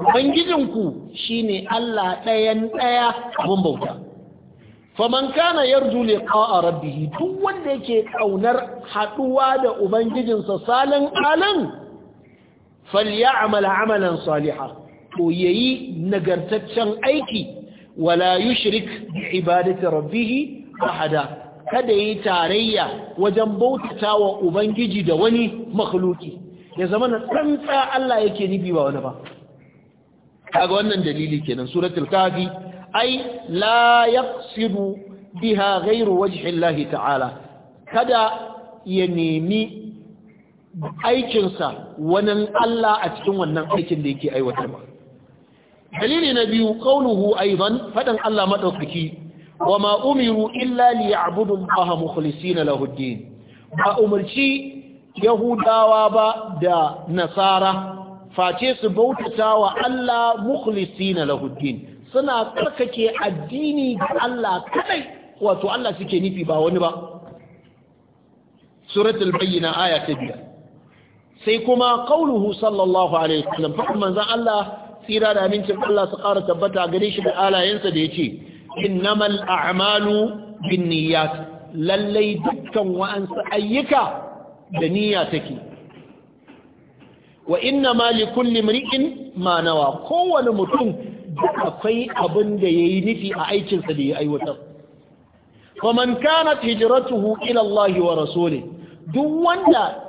ubangijinku shine Allah ɗayan ɗaya abin bauta faman kana yarju liqa'a rabbih duk wanda yake kaunar haduwa da ubangijinsa salin alan faly'amal amalan salihan to yi nagartaccen aiki wala yushrik bi ibadati rabbih ahada kada yi tarayya wajen bautatawa ubangiji da wani makhluki ya zama na tsantsa Allah yake nufi ba wani ba kaga wannan dalili kenan suratul kafi ai la yaqsidu biha ghairu wajhi Allah ta'ala kada ya nemi aikinsa wannan Allah a cikin wannan aikin da yake aiwatarwa dalili na biyu kauluhu aidan fadan Allah madaukaki wama umiru illa liya'budu Allah mukhlisina lahu din ba umarci yahudawa ba da nasara face su bautatawa wa Allah mukhlisina lahu din suna tsarkake addini ga Allah kadai wato Allah suke nufi ba wani ba suratul bayyina aya ta biyar sai kuma qauluhu sallallahu alaihi wasallam fa manzon Allah tsira da amincin Allah su ƙara tabbata gare shi da alayensa da ya ce innamal a'malu bin niyyat lallai dukkan wa'ansu ayyuka da niyya take wa inna ma li ma nawa kowane mutum akwai abin da yayi nufi a aikinsa da ya aiwatar faman kanat hijratuhu ila Allah wa rasuli duk wanda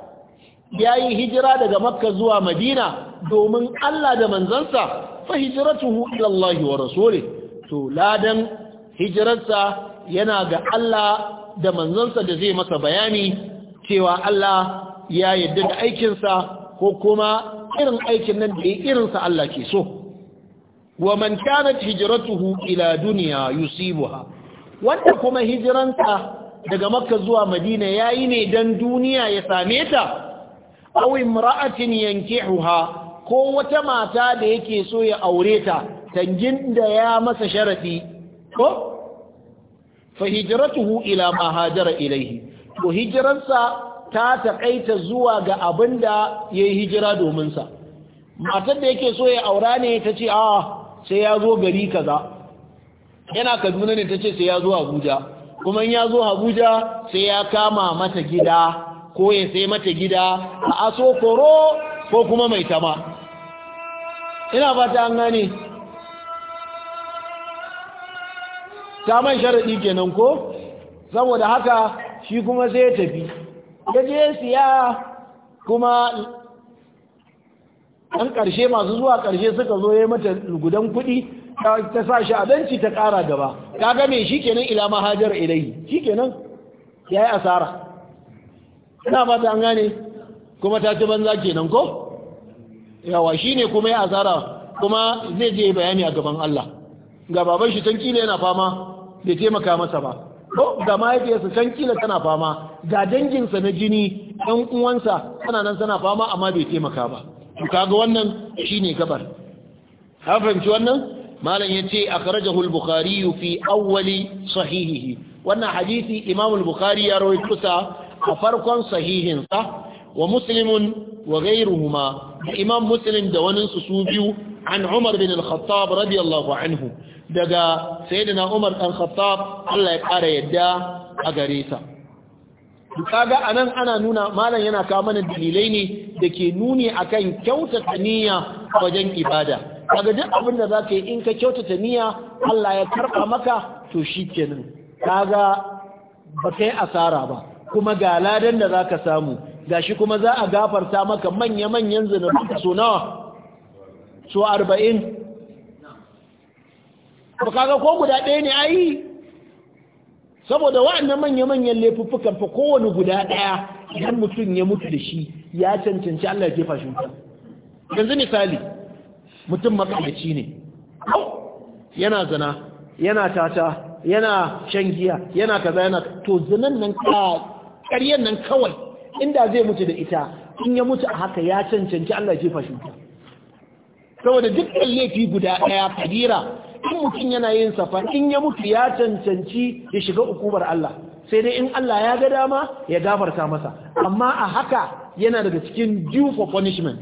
yayi hijira daga makka zuwa madina domin Allah da manzansa fa hijratuhu ila Allah wa rasulih to ladan hijirarsa yana ga Allah da manzansa da zai masa bayani cewa Allah ya yadda da aikinsa ko kuma irin aikin nan da irinsa Allah ke so wa man kanat hijratuhu ila dunya yusibuha wanda kuma hijransa daga makka zuwa madina yayi ne dan duniya ya same ta aw imra'atin yankihuha ko wata mata da yake so ya aure ta tangin da ya masa sharafi ko fa hijratuhu ila ma hajara ilaihi to hijransa ta taƙaita zuwa ga abinda yayi hijira domin sa matar da yake so ya aura ne ta ce a ah, sai ya zo gari kaza yana kaduna ne tace ce sai ya zo abuja kuma in ya zo abuja sai ya kama mata gida ko ya sai mata gida a aso ko kuma mai tama ina ba ta an gane ta mai sharaɗi kenan ko saboda haka shi kuma sai ya tafi ya je siya kuma an ƙarshe masu zuwa ƙarshe suka zo ya mata gudan kuɗi ta sa shi abinci ta ƙara gaba ta game shi kenan ila mahajar ilahi shi kenan ya yi asara ina ba ta an gane kuma ta ci banza kenan ko? yawa shine kuma ya azara kuma zai je bayani a gaban Allah ga baban shi can kila yana fama bai taimaka masa ba ko ga mahaifiyarsa can kila tana fama ga danginsa na jini ɗan uwansa tana nan tana fama amma bai taimaka ba kaga wannan shine gabar An fahimci wannan malam ya ce akhrajahu al-bukhari fi awwali sahihihi wannan hadisi imam al-bukhari ya rawaito sa a farkon sahihinsa wa muslimun wa ghayruhuma imam muslim da wani su biyu an umar bin al-khattab radiyallahu anhu daga sayyidina umar dan khattab Allah ya kara yadda a gare sa kaga anan ana nuna malam yana kawo mana dalilai ne dake nuni akan kyautata niyya wajen ibada kaga duk abin da zaka yi in ka kyautata niyya Allah ya karba maka to shikenan kaga ba kai asara ba kuma ga ladan da zaka samu gashi kuma za a gafarta maka manya-manyan da su nawa Su arba'in ba kaga ko guda ɗaya ne ayi saboda wa'annan manya-manyan laifuffukan fa kowane guda ɗaya idan mutum ya mutu da shi ya cancanci Allah ke fashin shi yanzu misali mutum makamaci ne yana zana yana tata yana shan giya yana kaza yana to zinan nan ƙaryen nan kawai inda zai mutu da ita in ya mutu a haka ya cancanci Allah ya jefa shi saboda duk laifi guda ɗaya kabira in mutum yana yin safa in ya mutu ya cancanci ya shiga ukubar Allah sai dai in Allah ya ga dama ya gafarta masa amma a haka yana daga cikin due for punishment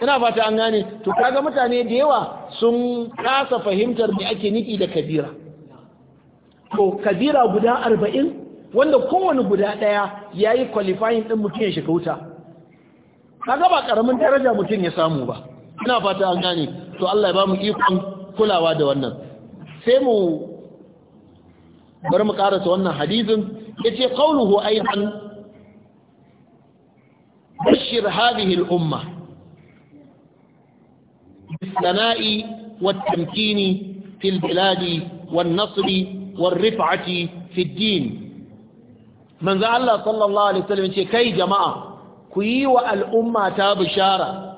Yana fata an gane to kaga mutane da yawa sun kasa fahimtar me ake niki da kabira to kabira guda arba'in wanda kowane guda ɗaya ya yi kwalifayin ɗin mutum ya shiga wuta kaga ba ƙaramin daraja mutum ya samu ba ina fata an gane to Allah ya ba mu ikon kulawa da wannan sai mu bar mu ƙarasa wannan hadizin. Ya hadisin yace Bashir aidan بشر هذه الأمة بالثناء والتمكين في البلاد والنصر والرفعة في الدين manzo Allah sallallahu alaihi wasallam ce kai jama'a ku yi wa al'umma ta bishara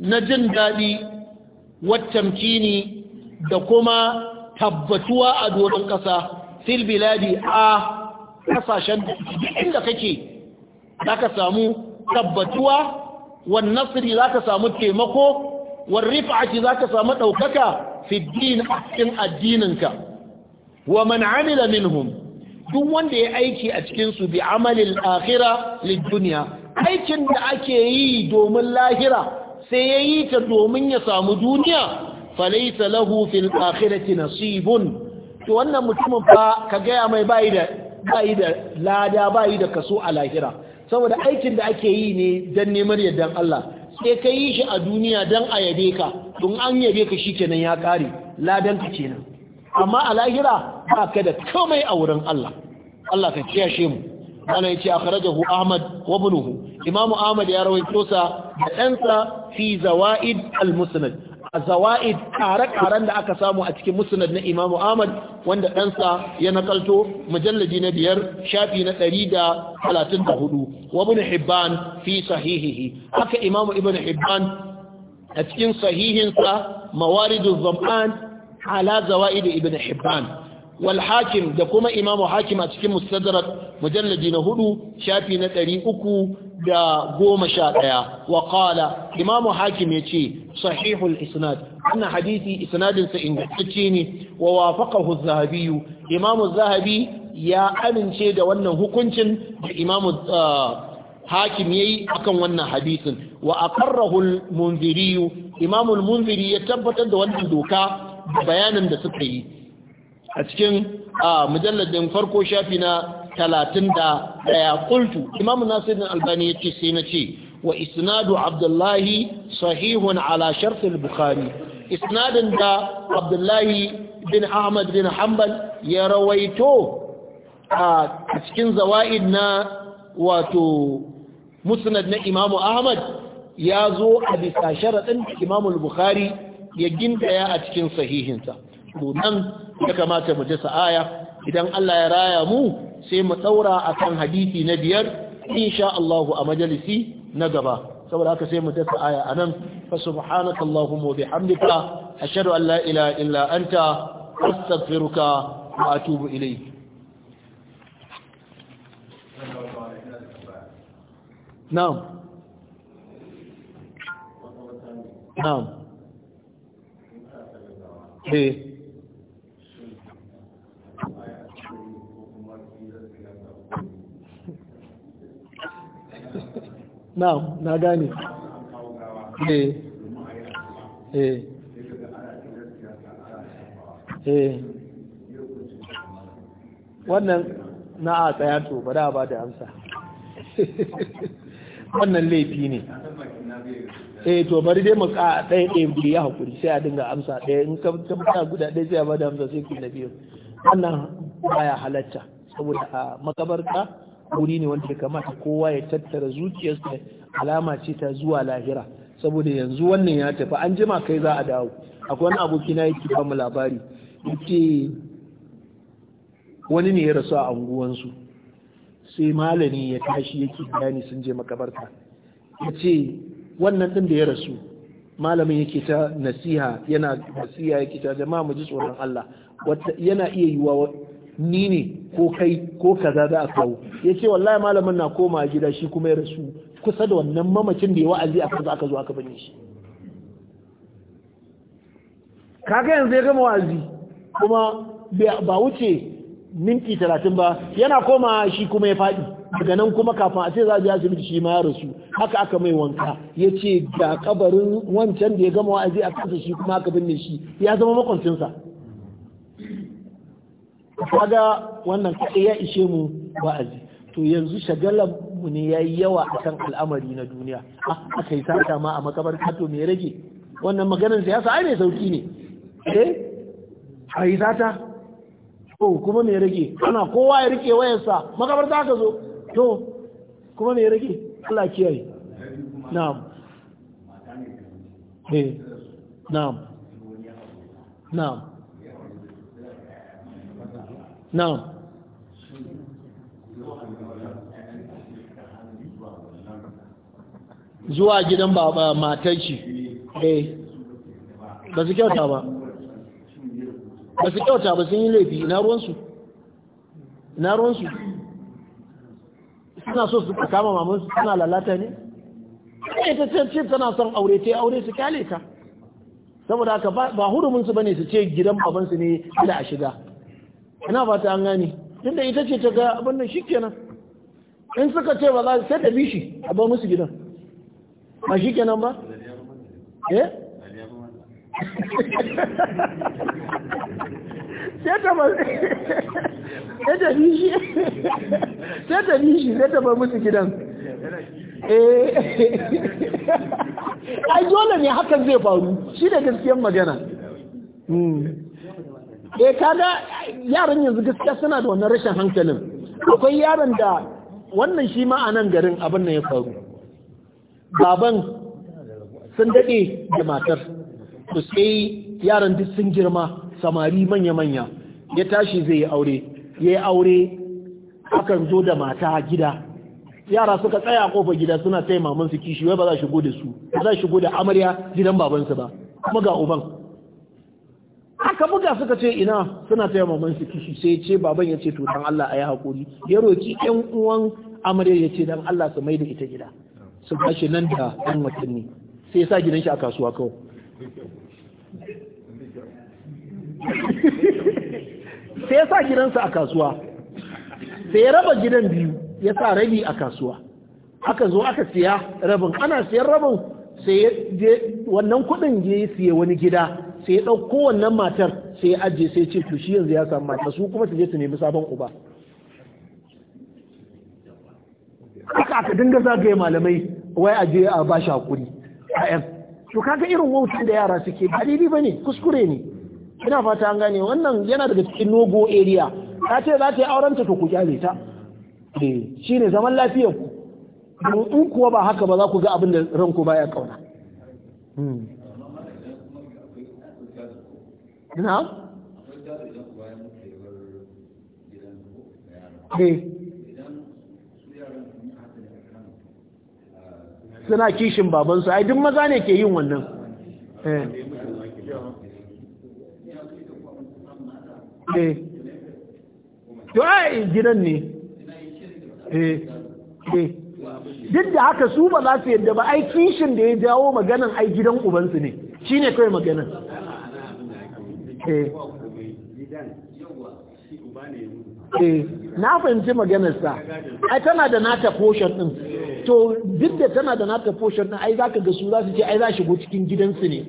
na jin daɗi wattamkini da kuma tabbatuwa a doron ƙasa fil biladi a ƙasashen inda kake za ka samu tabbatuwa wan nasri za ka samu taimako wan rifa'ati za ka samu ɗaukaka fi din cikin addininka wa man amila minhum duk wanda ya aiki a cikin su bi amalil akhira lid dunya aikin da ake yi domin lahira sai yayi ta domin ya samu duniya falaysa lahu fil akhirati nasibun to wannan mutumin fa ka gaya mai bai da bai da lada bai da kaso a lahira saboda aikin da ake yi ne dan neman yardan Allah sai ka yi shi a duniya dan a yabe ka don an yabe ka shikenan ya kare ladan ka kenan amma a lahira ba ka da komai a wurin Allah Allah ka kiyashe mu ana a akhrajahu Ahmad wa ibnuhu Imam Ahmad ya rawaito sa da ɗansa fi zawaid al-musnad zawaid ƙare-ƙaren da aka samu a cikin musnad na Imam Ahmad wanda ɗansa ya nakalto mujalladi na biyar shafi na ɗari 134 wa ibn Hibban fi sahihihi haka Imam Ibn Hibban a cikin sahihinsa mawaridu zam'an ala zawaid ibn hibban wal hakim da kuma imamu hakim a cikin mustadrak mujalladi na hudu shafi na da 311 wa qala imamu hakim yace sahihul isnad wannan hadisi isnadin sa ingantacce ne wa wafaqahu az-zahabi imamu az-zahabi ya amince da wannan hukuncin da imamu uh, hakim yayi akan wannan hadisin wa aqarrahu al-munziri imamu al-munziri ya tabbatar da wannan doka bayanin da suka yi a cikin mujalladin farko shafi na talatin da ɗaya kultu imamu nasirin albani ya ce sai na ce wa isnadu abdullahi sahihun ala sharfin bukhari isnadin da abdullahi bin ahmad bin hanbal ya rawaito a cikin zawa'id na wato musnad na imamu ahmad ya zo a bisa sharaɗin imamul bukhari ya gindaya a cikin sahihinsa to nan ya kamata mu dasa aya idan Allah ya raya mu sai mu a akan hadisi na biyar insha Allah a majalisi na gaba saboda haka sai mu dasa aya anan fa subhanaka allahumma wa bihamdika ashhadu an la ilaha illa anta astaghfiruka wa atubu ilayk نعم نعم he eh. na'am na gane he eh. eh. he he wannan na a tsaya to ba da ba da amsa wannan laifi ne eh to bari dai mu ka ɗaya ɗaya biyu ya hakuri sai a dinga amsa ɗaya in ka tabbata guda ɗaya sai a bada amsa sai ku na biyu wannan baya halatta saboda a makabarta wuri ne wanda ya kamata kowa ya tattara zuciyarsa alama ce ta zuwa lahira saboda yanzu wannan ya tafi an jima kai za a dawo akwai wani aboki na yake ba mu labari yake wani ne ya rasu a anguwansu sai malami ya tashi yake bayani sun je makabarta ya ce wannan ɗin da ya rasu malamin yake ta nasiha yana nasiha yake ta jama'a mu ji tsoron Allah yana iya yiwa ni ne ko kai ko kaza za a kawo ce wallahi malamin na koma gida shi kuma ya rasu kusa da wannan mamacin da ya wa'azi a zo aka zo aka binne shi kaga yanzu ya gama wa'azi kuma ba wuce minti talatin ba yana koma shi kuma ya faɗi daga nan kuma kafin a ce za a je asibiti shi ma ya rasu haka aka mai wanka ya ce ga kabarin wancan da ya gama wa'azi a kasa shi kuma aka binne shi ya zama makwancinsa kaga wannan kaɗai ya ishe mu wa'azi to yanzu shagalar mu ne ya yi yawa a kan al'amari na duniya ah, aka yi sata ma a makabar kato mai rage wannan maganar siyasa ai mai sauki ne eh a yi sata to kuma me rage ana kowa ya rike wayarsa makabarta aka zo to kuma me rage Allah kiyaye na'am eh na'am na'am na'am zuwa gidan matar shi eh ba su kyauta ba ba su kyauta ba sun yi laifi ina ruwansu ina ruwansu suna so su kama mamansu suna lalata ne ita ce ce tana son aure ta aure su kyale ta saboda haka ba hurumunsu bane su ce gidan babansu ne da a shiga ina ta an gani? tunda ita ce ta ga abin nan kenan, in suka ce ba za sai da bishi a ba musu gidan ba shi kenan ba eh sai ta bi shi sai ta bar musu gidan eh. ai dole ne hakan zai faru shi da gaskiyar magana hmm. eh kaga yaran yanzu gaskiya suna da wannan rashin hankalin akwai yaran da wannan shi ma a nan garin abin nan ya faru baban sun daɗe da matar to sai yaran duk sun girma samari manya-manya ya tashi zai yi aure ya yi aure akan zo da mata gida yara suka tsaya a kofar gida suna taya maman su kishi wai ba za shigo da su ba za shigo da amarya gidan babansu ba kuma ga uban aka buga suka ce ina suna taya maman su kishi sai ce baban ya ce to dan Allah ayi hakuri ya roki ƴan uwan amarya ya ce dan Allah su maida ita gida su shi nan da ɗan watanni sai ya sa gidan shi a kasuwa kawai sai ya sa gidansa a kasuwa sai ya raba gidan biyu ya sa rabi a kasuwa aka zo aka siya rabin ana siyan rabin sai je wannan kudin yi siya wani gida sai ya ɗauko wannan matar sai ya ajiye sai ce to shi yanzu ya samu mata su kuma su je su nemi sabon uba aka aka dinga zagaye malamai wai a je a ba shi hakuri a yan to kaga irin wautan da yara suke ba daidai bane kuskure ne ina fata an gane wannan yana daga cikin nogo area ta ce za ta yi auren ta to ku kyale ta eh shine zaman lafiyar ku in kuwa ba haka ba za ku ga abin da ranku baya kauna hmm. na eh. suna kishin babansu ai duk maza ne ke yin wannan eh. eh to ai gidan ne e, duk da haka su ba za su yadda ba ai kishin da ya jawo maganan ai gidan ubansu ne shi ne kai maganan eh. eh na fahimci maganarsa ai tana da nata portion din to duk da tana da nata portion din ai za ga su za su ce ai za shigo cikin gidansu ne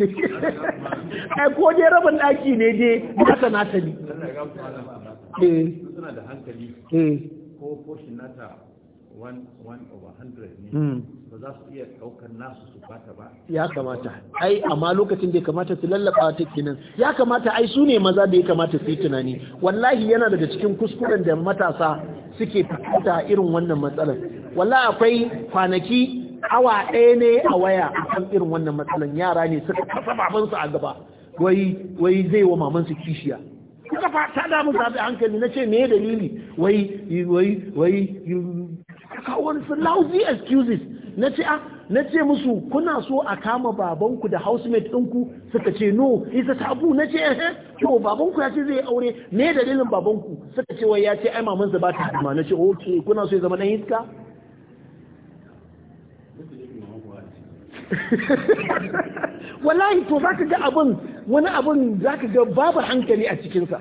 a ko dai rabin daki ne dai ta nasa ne suna da hankali ko portion nata 1 over 100 ne hmm. ba za su iya daukar nasu su bata ba ya kamata ai amma lokacin da ya kamata su lallaba ta kinan ya kamata ai su ne maza da ya kamata su yi tunani wallahi yana daga cikin kuskuren da matasa suke fita irin wannan matsalar wallahi akwai kwanaki awa ɗaya ne a waya a kan irin wannan matsalan yara ne suka kasa babansu a gaba wai zai wa mamansu kishiya suka fata da mu zaɓi hankali na ce me dalili wai wai wai su lousy excuses na ce ah, na ce musu kuna so a kama babanku da housemate ɗinku suka ce no isa tabu na ce eh to babanku ya ce zai aure me dalilin babanku suka ce wai ya ce ai mamansa ba ta ma na ce okay kuna so ya zama ɗan iska wallahi to za ga abin wani abun zaka ga babu hankali a cikinsa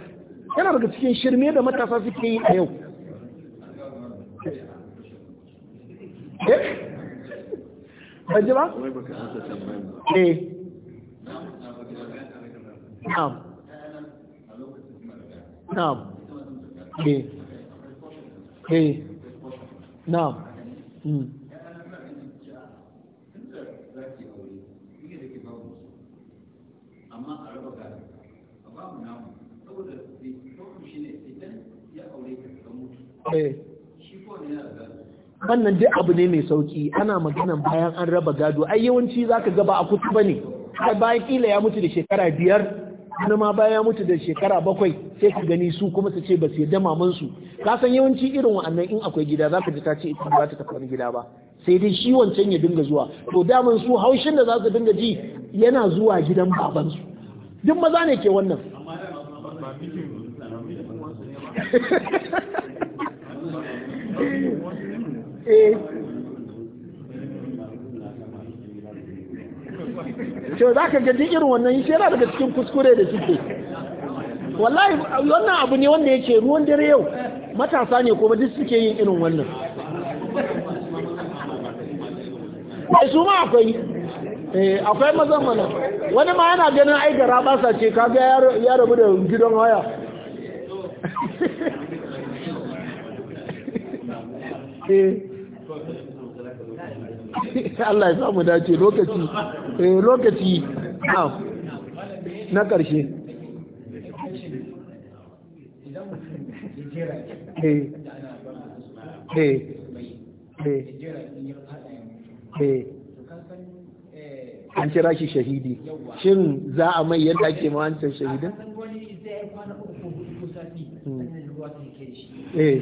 yana daga cikin shirme da matasa suke yi a yau eh? ban ji ba? eh na'am na'am eh eh na'am hmm. Eh. wannan duk abu ne mai sauki ana maganan bayan an raba gado ai yawanci zaka ga ba a kusa bane ai bayan kila ya mutu da shekara biyar wani ma bayan ya mutu da shekara bakwai sai ka gani su kuma su ce ba su yadda maman su ka san yawanci irin wa'annan in akwai gida za ka ji ta ce ita ba ta tafi wani gida ba sai dai shi wancan ya dinga zuwa to daman su haushin da za su dinga ji yana zuwa gidan babansu duk maza ne ke wannan Eh. to za ka gaji irin wannan shi yana daga cikin kuskure da suke wallahi wannan abu ne wanda yake ruwan dare yau matasa ne kuma duk suke yin irin wannan mai eh, su ma akwai eh, akwai mazan mana wani ma yana ganin aigara basa ce kaga ya rabu da gidan waya eh Allah ya samu dace lokaci eh lokaci na karshe eh. eh eh eh an kira shi shahidi shin za a mai yadda ke ma wancan shahidin? Hmm. eh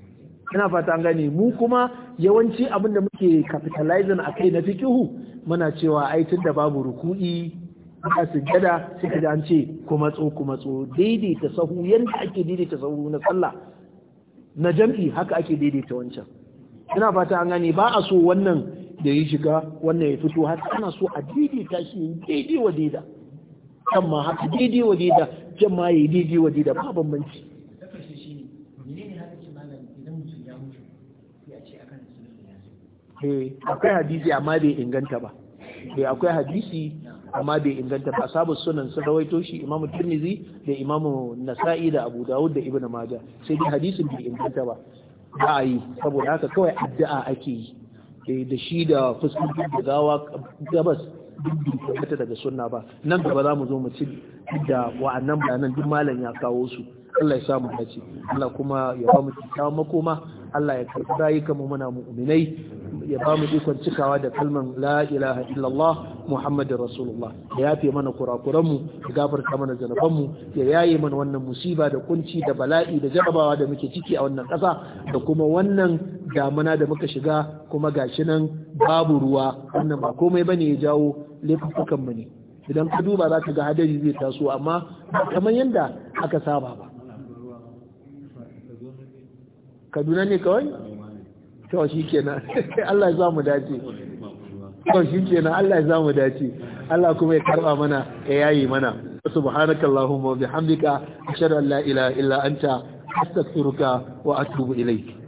ina fata gani mu kuma yawanci abin da muke capitalizing a kai na fikihu muna cewa ai tun da babu ruku'i a sujjada sai ka an ce kuma tso kuma tso daidaita sahu yanda ake daidaita sahu na sallah na jam'i haka ake daidaita wancan ina fata an gani ba a so wannan da ya shiga wannan ya fito har ana so a daidaita shi daidai wa daida kan haka daidai wa daida jama'a ya daidai wa daida ba bambanci Eh, akwai hadisi amma bai inganta ba bai eh, akwai hadisi amma bai inganta ba sabu sunan sun rawaito shi imamu tirmizi da imamu nasa'i da abu dawud da ibnu maja sai dai hadisin bai inganta ba ba a yi saboda haka kawai addu'a ake yi eh, da shi da fuskantar da gawa gabas dubbin kwanata daga sunna ba nan gaba za mu zo mu ci da wa'annan bayanan duk malam ya kawo su Allah ya samu dace Allah kuma ya ba mu kyakkyawan makoma Allah ya karɓi rayuka mu muna mu'minai ya ba mu ikon cikawa da kalmar la ilaha illallah muhammadin rasulullah ya yafe mana kurakuran mu ya gafarta mana zanaban mu ya yaye mana wannan musiba da kunci da bala'i da jarabawa da muke ciki a wannan ƙasa da kuma wannan damuna da muka shiga kuma gashi nan babu ruwa wannan ba komai bane ya jawo laifukan mu ne idan ka duba za ka ga hadari zai taso amma kamar yadda aka saba ba kaduna ne kawai to shi kenan Allah ya zamu dace to shi kenan Allah ya zamu dace Allah kuma ya karba mana ya yayi mana subhanakallahumma wa bihamdika ashhadu an la ilaha illa anta astaghfiruka wa atubu ilai.